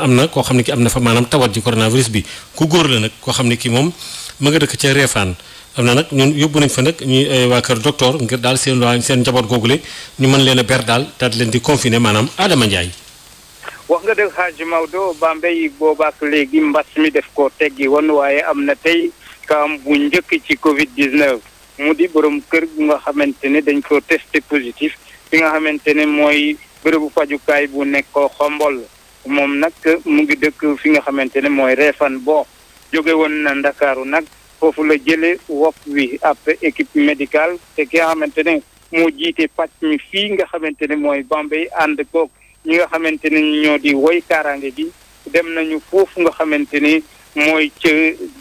am na koo xam ne ki am na fa maanaam tawat ji coronavirus bi ku góor la nag koo xam ne ki moom mu nga dëkk ca Réfane am na nag ñun yóbbu nañ fa nag ñu eh, waa kër docteur ngir daal seen waa seen njaboot googule ñu mën leen a ber daal daal leen di confiner maanaam Adama Ndiaye. wax nga dëgg Hadj Maodo Bambey boobaak léegi mbas mi def ko teggi woon waaye am na tey kaam bu njëkk ci Covid 19 mu di borom kër gu nga xamante ne dañ ko testé positif fi nga xamante ne mooy bërëbu fajukaay bu nekk xombol moom nag mu ngi dëkk fi nga xamante ne mooy Réfane boo jóge woon na Ndakaaru nag foofu la jële wopp wi ab équipe médicale te ki nga xamante moo jiite pàcc mi fii nga xamante ne mooy bambay ànd koog ñi nga xamante ne ñoo di woy kaaraange bi dem nañu foofu nga xamante ne mooy ca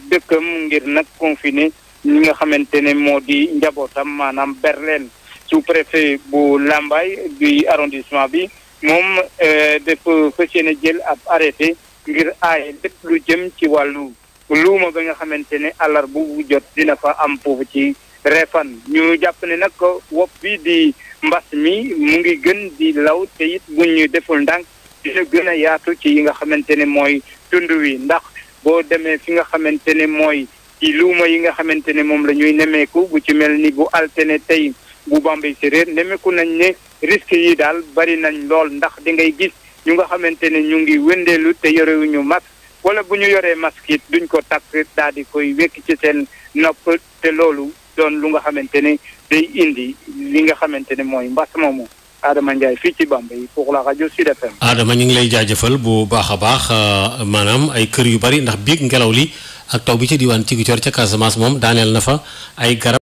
dëkkam ngir nag confiné ñi nga xamante ne moo di njabootam maanaam Berlin sous-préfet bu Lambaye bi arrondissement bi moom euh, dafa fas yéene jël ab arrêté ngir aaye lépp lu jëm ci wàllu luuma ba nga xamante ne àllar bu jot dina fa am foofu ci refan ñu jàpp ne nag wopp bi di mbas mi mu ngi gën di law te it bu ñu deful ndànk dina gën a yaatu ci yi nga xamante ne mooy tund wi ndax boo demee fi nga xamante ne mooy ci luuma yi nga xamante ne moom lañuy ñuy nemeeku bu ci mel ni bu altene tey bu Bambey Séréer nemeeku nañ ne risque yi daal bari nañ lool ndax di ngay gis ñu nga xamante ne ñu ngi wëndeelu te yorewuñu masque wala bu ñu yoree masque it duñ ko takk daal di koy wekk ci seen nopp te loolu doon lu nga xamante ne day indi li nga xamante ne mooy mbas moomu Adama Ndiaye fii ci Bambey pour la rajo Sud FM. Adama ñu ngi lay jaajëfal bu baax a baax euh, maanaam ay kër yu bari ndax biig ngelaw li ak taw bi ci diwaan ci Ziguinchor ca Casamance moom daaneel na fa ay garab.